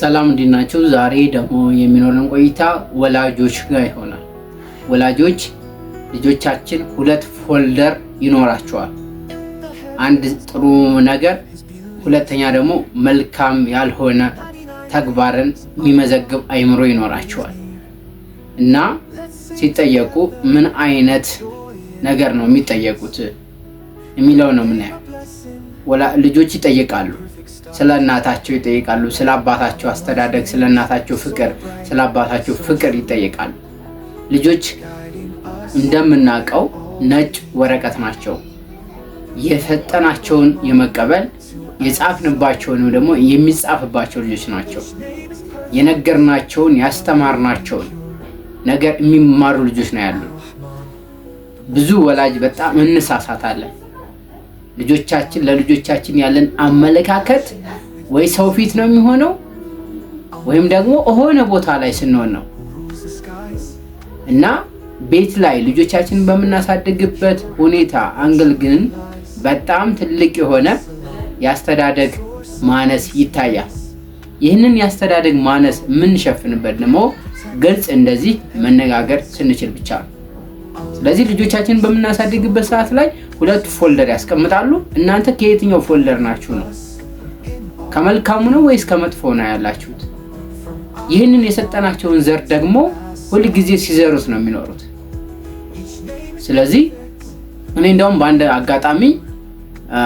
ሰላም እንዴት ናችሁ? ዛሬ ደግሞ የሚኖረን ቆይታ ወላጆች ጋር ይሆናል። ወላጆች ልጆቻችን ሁለት ፎልደር ይኖራቸዋል። አንድ ጥሩ ነገር፣ ሁለተኛ ደግሞ መልካም ያልሆነ ተግባርን የሚመዘግብ አይምሮ ይኖራቸዋል እና ሲጠየቁ ምን አይነት ነገር ነው የሚጠየቁት የሚለው ነው የምናየው። ልጆች ይጠይቃሉ ስለ እናታቸው ይጠይቃሉ። ስለ አባታቸው አስተዳደግ፣ ስለ እናታቸው ፍቅር፣ ስለ አባታቸው ፍቅር ይጠይቃሉ። ልጆች እንደምናውቀው ነጭ ወረቀት ናቸው። የፈጠናቸውን የመቀበል የጻፍንባቸውንም ደግሞ የሚጻፍባቸው ልጆች ናቸው። የነገርናቸውን ያስተማርናቸውን ነገር የሚማሩ ልጆች ነው ያሉ። ብዙ ወላጅ በጣም እንሳሳታለን። ልጆቻችን ለልጆቻችን ያለን አመለካከት ወይ ሰው ፊት ነው የሚሆነው ወይም ደግሞ ሆነ ቦታ ላይ ስንሆን ነው እና ቤት ላይ ልጆቻችንን በምናሳድግበት ሁኔታ አንግል ግን በጣም ትልቅ የሆነ የአስተዳደግ ማነስ ይታያል። ይህንን የአስተዳደግ ማነስ የምንሸፍንበት ደግሞ ግልጽ እንደዚህ መነጋገር ስንችል ብቻ ነው። ስለዚህ ልጆቻችንን በምናሳድግበት ሰዓት ላይ ሁለት ፎልደር ያስቀምጣሉ። እናንተ ከየትኛው ፎልደር ናችሁ ነው? ከመልካሙ ነው ወይስ ከመጥፎ ነው ያላችሁት? ይህንን የሰጠናቸውን ዘር ደግሞ ሁል ጊዜ ሲዘሩት ነው የሚኖሩት። ስለዚህ እኔ እንደውም በአንድ አጋጣሚ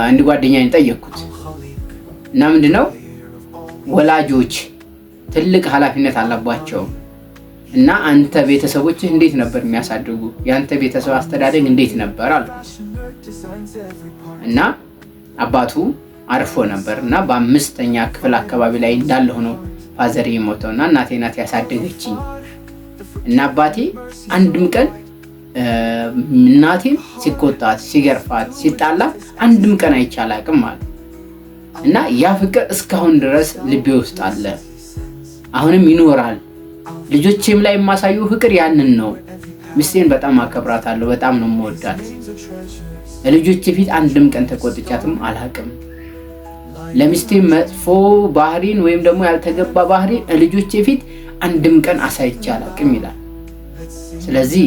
አንድ ጓደኛዬን ጠየቅኩት እና ምንድነው ወላጆች ትልቅ ኃላፊነት አለባቸውም እና አንተ ቤተሰቦችህ እንዴት ነበር የሚያሳድጉ የአንተ ቤተሰብ አስተዳደግ እንዴት ነበር አሉ። እና አባቱ አርፎ ነበር እና በአምስተኛ ክፍል አካባቢ ላይ እንዳለ ሆኖ ፋዘር የሞተው እና እናቴ ናት ያሳደገችኝ እና አባቴ አንድም ቀን እናቴም ሲቆጣት፣ ሲገርፋት፣ ሲጣላ አንድም ቀን አቅም አለ እና ያ ፍቅር እስካሁን ድረስ ልቤ ውስጥ አለ፣ አሁንም ይኖራል ልጆቼም ላይ የማሳዩ ፍቅር ያንን ነው። ሚስቴን በጣም አከብራታለሁ። በጣም ነው የምወዳት። ለልጆቼ ፊት አንድም ቀን ተቆጥቻትም አላቅም ለሚስቴ መጥፎ ባህሪን ወይም ደግሞ ያልተገባ ባህሪን ልጆቼ ፊት አንድም ቀን አሳይቼ አላቅም ይላል። ስለዚህ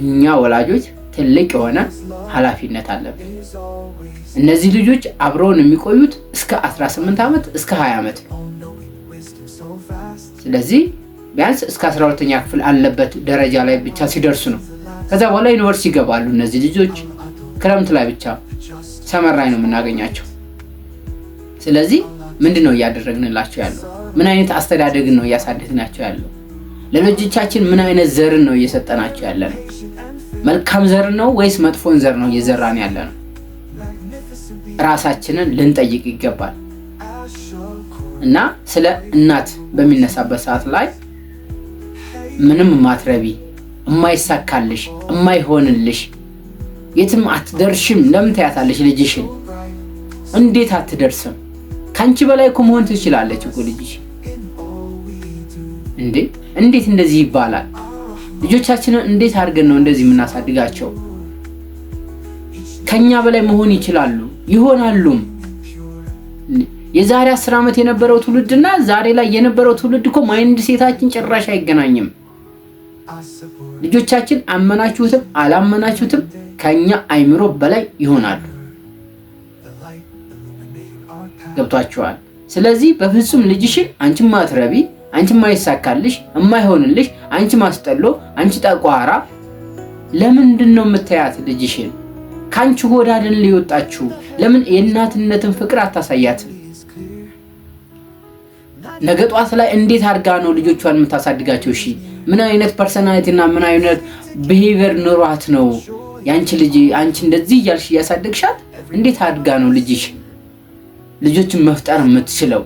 እኛ ወላጆች ትልቅ የሆነ ኃላፊነት አለብን። እነዚህ ልጆች አብረውን የሚቆዩት እስከ 18 ዓመት እስከ 20 ዓመት ነው። ስለዚህ ቢያንስ እስከ 12 ተኛ ክፍል አለበት ደረጃ ላይ ብቻ ሲደርሱ ነው። ከዛ በኋላ ዩኒቨርሲቲ ይገባሉ። እነዚህ ልጆች ክረምት ላይ ብቻ ሰመር ላይ ነው የምናገኛቸው። ስለዚህ ምንድን ነው እያደረግንላቸው ያለው? ምን አይነት አስተዳደግን ነው እያሳደግናቸው ያለው? ለልጆቻችን ምን አይነት ዘርን ነው እየሰጠናቸው ያለ ነው? መልካም ዘር ነው ወይስ መጥፎን ዘር ነው እየዘራን ያለ ነው? ራሳችንን ልንጠይቅ ይገባል። እና ስለ እናት በሚነሳበት ሰዓት ላይ ምንም ማትረቢ፣ እማይሳካልሽ፣ እማይሆንልሽ፣ የትም አትደርሽም። ለምን ትያታለሽ ልጅሽን? እንዴት አትደርስም? ከአንቺ በላይ እኮ መሆን ትችላለች እኮ ልጅሽ። እንዴ እንዴት እንደዚህ ይባላል? ልጆቻችንን እንዴት አድርገን ነው እንደዚህ የምናሳድጋቸው? ከኛ በላይ መሆን ይችላሉ ይሆናሉም። የዛሬ አስር ዓመት የነበረው ትውልድ እና ዛሬ ላይ የነበረው ትውልድ እኮ ማይንድ ሴታችን ጭራሽ አይገናኝም። ልጆቻችን አመናችሁትም አላመናችሁትም ከኛ አይምሮ በላይ ይሆናሉ። ገብቷችኋል? ስለዚህ በፍጹም ልጅሽን አንቺ ማትረቢ፣ አንቺ ማይሳካልሽ፣ እማይሆንልሽ፣ አንቺ ማስጠሎ፣ አንቺ ጠቋራ ለምንድን ነው የምታያት ልጅሽን? ከአንቺ ጎዳድን አይደል ለምን የእናትነትን ፍቅር አታሳያትም? ነገ ጧት ላይ እንዴት አድርጋ ነው ልጆቿን የምታሳድጋቸው? እሺ ምን አይነት ፐርሰናሊቲ እና ምን አይነት ብሄቨር ኑሯት ነው ያንቺ ልጅ አንቺ እንደዚህ እያልሽ እያሳደግሻት እንዴት አድጋ ነው ልጅሽ ልጆችን መፍጠር የምትችለው?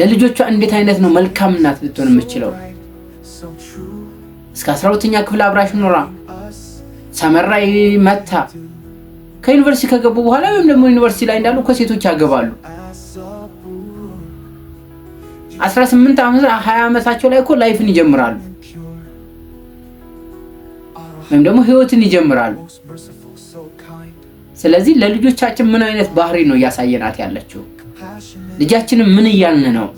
ለልጆቿ እንዴት አይነት ነው መልካም እናት ልትሆን የምትችለው? እስከ 12ኛ ክፍል አብራሽ ኖራ ሰመራይ መታ ከዩኒቨርሲቲ ከገቡ በኋላ ወይም ደግሞ ዩኒቨርሲቲ ላይ እንዳሉ እኮ ሴቶች ያገባሉ። 18 20 ዓመታቸው ላይ እኮ ላይፍን ይጀምራሉ። ወይም ደግሞ ህይወትን ይጀምራሉ። ስለዚህ ለልጆቻችን ምን አይነት ባህሪ ነው እያሳየናት ያለችው? ልጃችንም ምን እያልን ነው?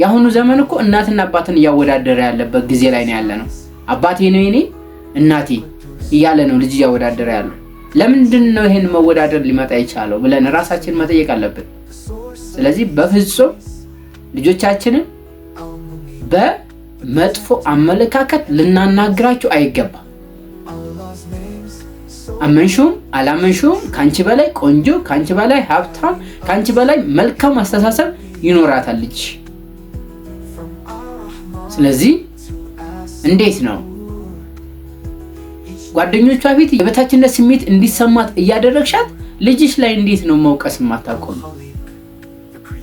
የአሁኑ ዘመን እኮ እናትና አባትን እያወዳደረ ያለበት ጊዜ ላይ ነው ያለ ነው። አባቴ ነው የኔ እናቴ እያለ ነው ልጅ እያወዳደረ ያለ ለምንድን ነው ይህን መወዳደር ሊመጣ የቻለው ብለን ራሳችን መጠየቅ አለብን። ስለዚህ በፍጹም ልጆቻችንን በመጥፎ አመለካከት ልናናግራቸው አይገባም። አመንሹም አላመንሽውም ከአንቺ በላይ ቆንጆ፣ ከአንቺ በላይ ሀብታም፣ ከአንቺ በላይ መልካም አስተሳሰብ ይኖራታለች። ስለዚህ እንዴት ነው ጓደኞቿ ፊት የበታችነት ስሜት እንዲሰማት እያደረግሻት ልጅሽ ላይ እንዴት ነው መውቀስ የማታቆም?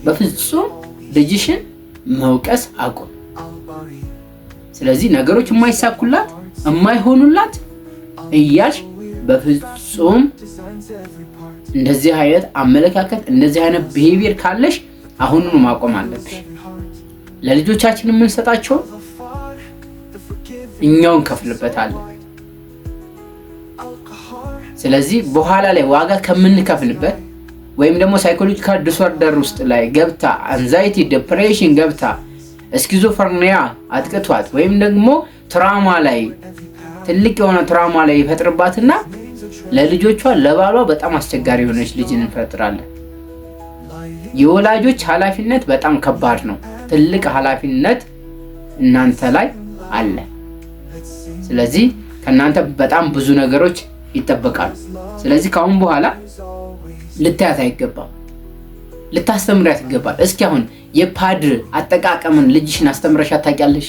በፍጹም ልጅሽን መውቀስ አቁም። ስለዚህ ነገሮች የማይሳኩላት የማይሆኑላት እያልሽ በፍጹም እንደዚህ አይነት አመለካከት እንደዚህ አይነት ብሄቪየር ካለሽ አሁኑኑ ማቆም አለብሽ። ለልጆቻችን የምንሰጣቸው እኛው እንከፍልበታለን። ስለዚህ በኋላ ላይ ዋጋ ከምንከፍልበት ወይም ደግሞ ሳይኮሎጂካል ዲስኦርደር ውስጥ ላይ ገብታ አንዛይቲ፣ ዲፕሬሽን ገብታ እስኪዞፍርኒያ አጥቅቷት ወይም ደግሞ ትራማ ላይ ትልቅ የሆነ ትራውማ ላይ ይፈጥርባትና ለልጆቿ ለባሏ በጣም አስቸጋሪ የሆነች ልጅን እንፈጥራለን። የወላጆች ኃላፊነት በጣም ከባድ ነው። ትልቅ ኃላፊነት እናንተ ላይ አለ። ስለዚህ ከእናንተ በጣም ብዙ ነገሮች ይጠበቃሉ። ስለዚህ ከአሁን በኋላ ልታያት አይገባም፣ ልታስተምሪያት ይገባል። እስኪ አሁን የፓድ አጠቃቀምን ልጅሽን አስተምረሻት ታውቂያለሽ?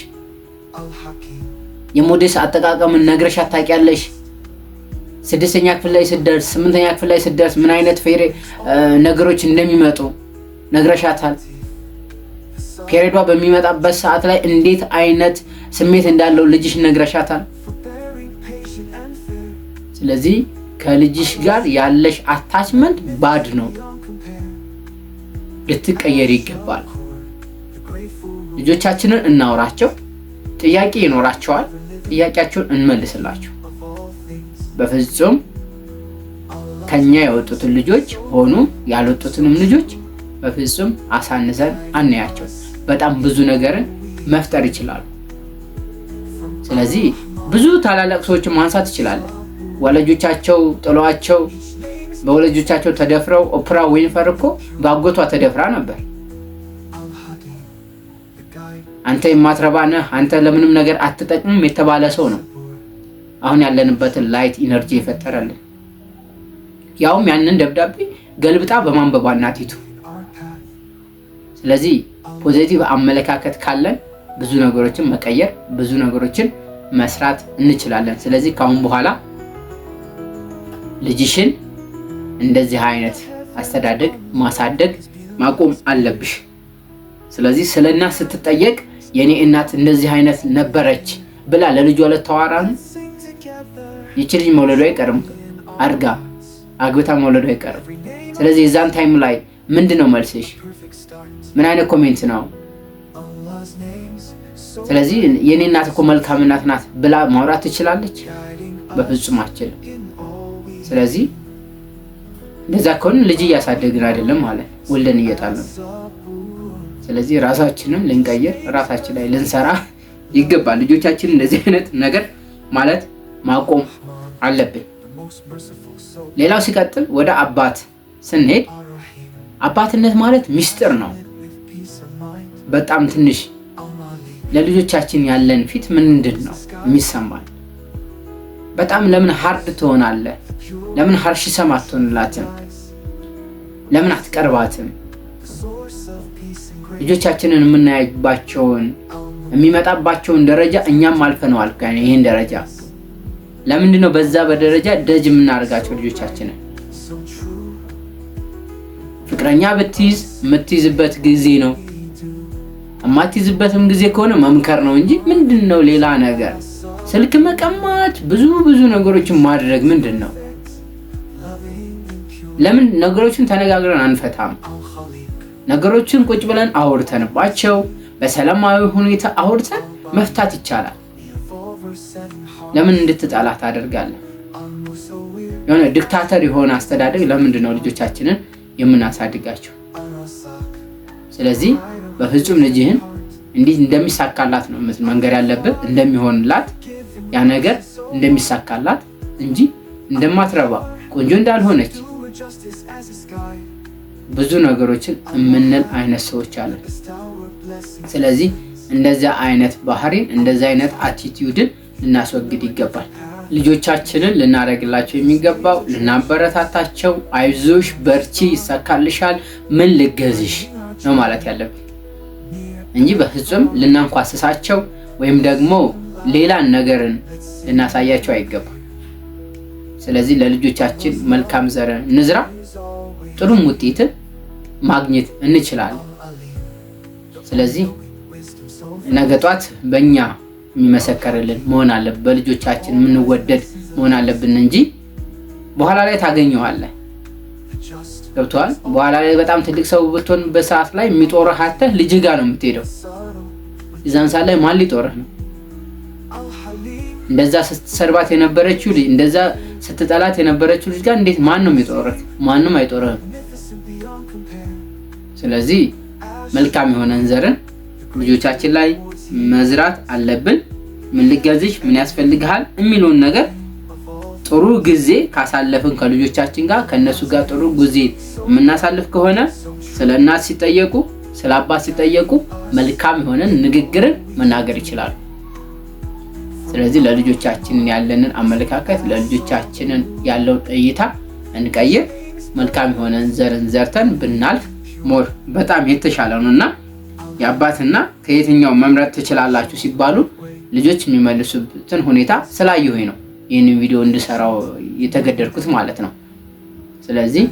የሞዴስ አጠቃቀምን ነግረሽ አታውቂያለሽ። ስድስተኛ ክፍል ላይ ስደርስ፣ ስምንተኛ ክፍል ላይ ስደርስ ምን አይነት ፌሬ ነገሮች እንደሚመጡ ነግረሻታል። ፔሬዷ በሚመጣበት ሰዓት ላይ እንዴት አይነት ስሜት እንዳለው ልጅሽ ነግረሻታል። ስለዚህ ከልጅሽ ጋር ያለሽ አታችመንት ባድ ነው፣ ልትቀየር ይገባል። ልጆቻችንን እናውራቸው። ጥያቄ ይኖራቸዋል። ጥያቄያቸውን እንመልስላቸው። በፍጹም ከኛ የወጡትን ልጆች ሆኑ ያልወጡትንም ልጆች በፍጹም አሳንሰን አናያቸው። በጣም ብዙ ነገርን መፍጠር ይችላሉ። ስለዚህ ብዙ ታላላቅ ሰዎችን ማንሳት ይችላለን። ወላጆቻቸው ጥሏቸው በወላጆቻቸው ተደፍረው ኦፕራ ዊንፈር እኮ በአጎቷ ተደፍራ ነበር። አንተ የማትረባ ነህ፣ አንተ ለምንም ነገር አትጠቅምም የተባለ ሰው ነው አሁን ያለንበትን ላይት ኢነርጂ የፈጠረልን። ያውም ያንን ደብዳቤ ገልብጣ በማንበባ እናቲቱ። ስለዚህ ፖዚቲቭ አመለካከት ካለን ብዙ ነገሮችን መቀየር፣ ብዙ ነገሮችን መስራት እንችላለን። ስለዚህ ከአሁን በኋላ ልጅሽን እንደዚህ አይነት አስተዳደግ ማሳደግ ማቆም አለብሽ። ስለዚህ ስለና ስትጠየቅ የእኔ እናት እንደዚህ አይነት ነበረች ብላ ለልጇ ለተዋራን ይቺ ልጅ መውለዱ አይቀርም አድጋ አግብታ መውለዱ አይቀርም። ስለዚህ የዛን ታይም ላይ ምንድን ነው መልስሽ? ምን አይነት ኮሜንት ነው? ስለዚህ የእኔ እናት እኮ መልካም እናት ናት ብላ ማውራት ትችላለች? በፍጹም አችልም። ስለዚህ እንደዛ ከሆን ልጅ እያሳደግን አይደለም ማለት ወልደን እየጣልን ስለዚህ ራሳችንን ልንቀይር፣ ራሳችን ላይ ልንሰራ ይገባል። ልጆቻችን እንደዚህ አይነት ነገር ማለት ማቆም አለብን። ሌላው ሲቀጥል ወደ አባት ስንሄድ አባትነት ማለት ሚስጥር ነው። በጣም ትንሽ ለልጆቻችን ያለን ፊት ምንድን ነው የሚሰማል? በጣም ለምን ሀርድ ትሆናለህ? ለምን ሀርሽ ሰማ አትሆንላትም? ለምን አትቀርባትም? ልጆቻችንን የምናይባቸውን የሚመጣባቸውን ደረጃ እኛም አልፈነዋል። ይህን ደረጃ ለምንድን ነው በዛ በደረጃ ደጅ የምናደርጋቸው ልጆቻችንን? ፍቅረኛ ብትይዝ የምትይዝበት ጊዜ ነው። የማትይዝበትም ጊዜ ከሆነ መምከር ነው እንጂ ምንድን ነው ሌላ ነገር ስልክ መቀማት፣ ብዙ ብዙ ነገሮችን ማድረግ ምንድን ነው? ለምን ነገሮችን ተነጋግረን አንፈታም? ነገሮችን ቁጭ ብለን አውርተንባቸው በሰላማዊ ሁኔታ አውርተን መፍታት ይቻላል። ለምን እንድትጣላ ታደርጋለን? የሆነ ዲክታተር የሆነ አስተዳደግ ለምንድን ነው ልጆቻችንን የምናሳድጋቸው? ስለዚህ በፍጹም ልጅህን እንዲህ እንደሚሳካላት ነው መንገር ያለብህ፣ እንደሚሆንላት ያ ነገር እንደሚሳካላት እንጂ እንደማትረባ ቆንጆ እንዳልሆነች ብዙ ነገሮችን የምንል አይነት ሰዎች አለ። ስለዚህ እንደዚያ አይነት ባህሪን እንደዚያ አይነት አቲቲዩድን ልናስወግድ ይገባል። ልጆቻችንን ልናደርግላቸው የሚገባው ልናበረታታቸው፣ አይዞሽ፣ በርቺ፣ ይሳካልሻል፣ ምን ልገዝሽ ነው ማለት ያለብን እንጂ በፍጹም ልናንኳስሳቸው ወይም ደግሞ ሌላን ነገርን ልናሳያቸው አይገባም። ስለዚህ ለልጆቻችን መልካም ዘረ እንዝራ። ጥሩም ውጤትን ማግኘት እንችላለን። ስለዚህ ነገ ጧት በእኛ የሚመሰከርልን መሆን አለብን። በልጆቻችን የምንወደድ መሆን አለብን እንጂ በኋላ ላይ ታገኘዋለህ። ገብቶሃል? በኋላ ላይ በጣም ትልቅ ሰው ብትሆን በሰዓት ላይ የሚጦርህ አተህ ልጅ ጋ ነው የምትሄደው። እዛን ሰዓት ላይ ማን ሊጦርህ ነው? እንደዛ ስትሰርባት የነበረችው ልጅ፣ እንደዛ ስትጠላት የነበረችው ልጅ ጋር እንዴት ማን ነው የሚጦርህ? ማንም አይጦርህም። ስለዚህ መልካም የሆነን ዘርን ልጆቻችን ላይ መዝራት አለብን። ምን ልገዝሽ፣ ምን ያስፈልግሃል የሚለውን ነገር ጥሩ ጊዜ ካሳለፍን ከልጆቻችን ጋር ከእነሱ ጋር ጥሩ ጊዜ የምናሳልፍ ከሆነ ስለ እናት ሲጠየቁ፣ ስለ አባት ሲጠየቁ መልካም የሆነን ንግግርን መናገር ይችላሉ። ስለዚህ ለልጆቻችን ያለንን አመለካከት ለልጆቻችንን ያለውን እይታ እንቀይር። መልካም የሆነን ዘርን ዘርተን ብናልፍ ሞር በጣም የተሻለ ነው እና የአባትና ከየትኛው መምረጥ ትችላላችሁ ሲባሉ ልጆች የሚመልሱትን ሁኔታ ስላየሁኝ ነው ይህንን ቪዲዮ እንድሰራው የተገደድኩት ማለት ነው። ስለዚህ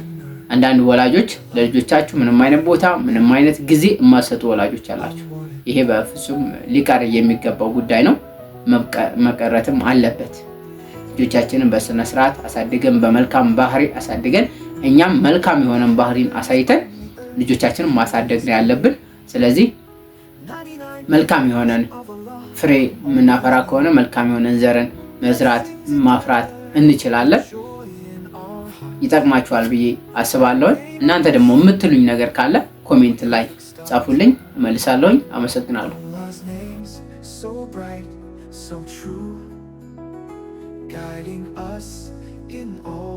አንዳንድ ወላጆች ለልጆቻችሁ ምንም አይነት ቦታ ምንም አይነት ጊዜ የማሰጡ ወላጆች አላችሁ። ይሄ በፍጹም ሊቀር የሚገባው ጉዳይ ነው፣ መቀረትም አለበት። ልጆቻችንን በስነስርዓት አሳድገን በመልካም ባህሪ አሳድገን እኛም መልካም የሆነን ባህሪን አሳይተን ልጆቻችንን ማሳደግ ነው ያለብን። ስለዚህ መልካም የሆነን ፍሬ የምናፈራ ከሆነ መልካም የሆነን ዘርን መዝራት ማፍራት እንችላለን። ይጠቅማችኋል ብዬ አስባለሁኝ። እናንተ ደግሞ የምትሉኝ ነገር ካለ ኮሜንት ላይ ጻፉልኝ፣ እመልሳለሁኝ። አመሰግናለሁ።